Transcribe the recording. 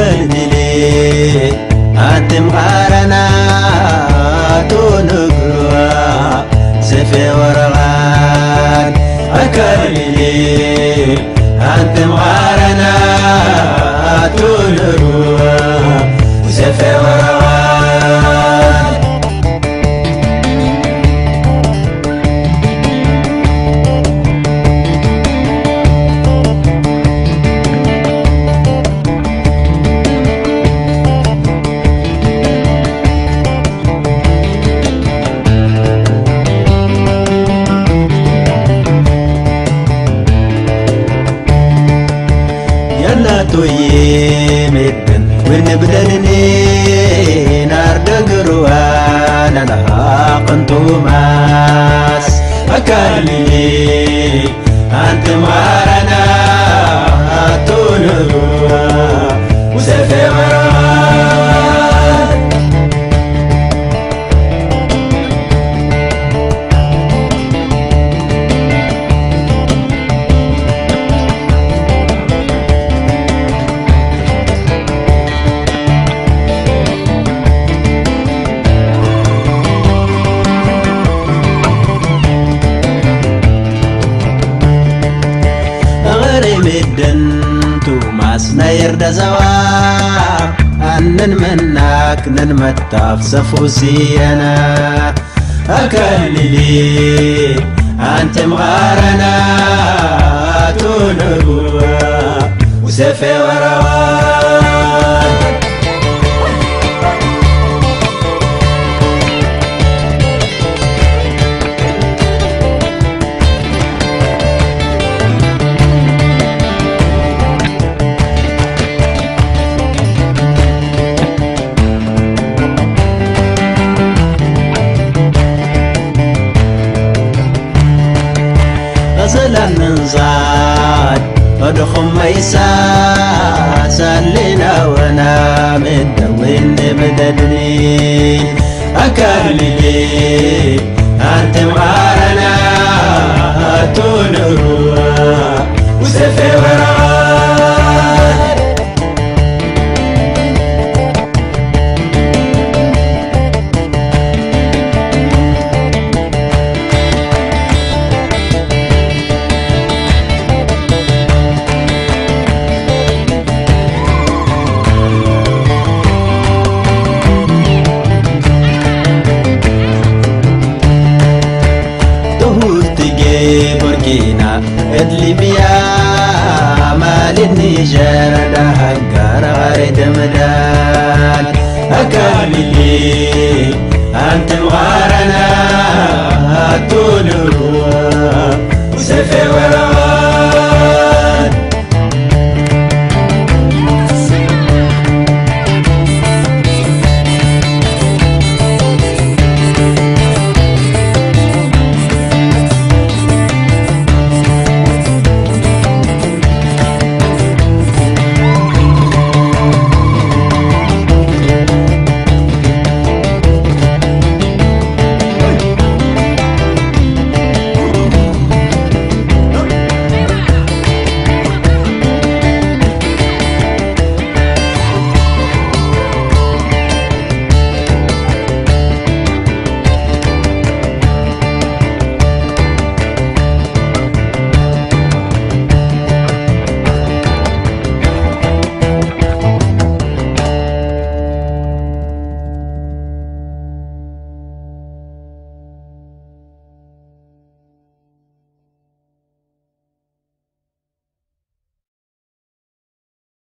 i atim harana to nugrua zefe نبدنني نار دقروان أنا قنطوماس أكالي أنت مارنا تولو dentumas na yerdazawa anan mannak nan mattaf safusiyana akalili antum gharana tunabwa وسفي وراء مدخم ميسا سلنا من دوين بددني أكرلي أنت معارنا تنروا وسفي ورا ادلبيا مال النيجر ده هكار غريد مدان اكاملي انت مغارنا تولو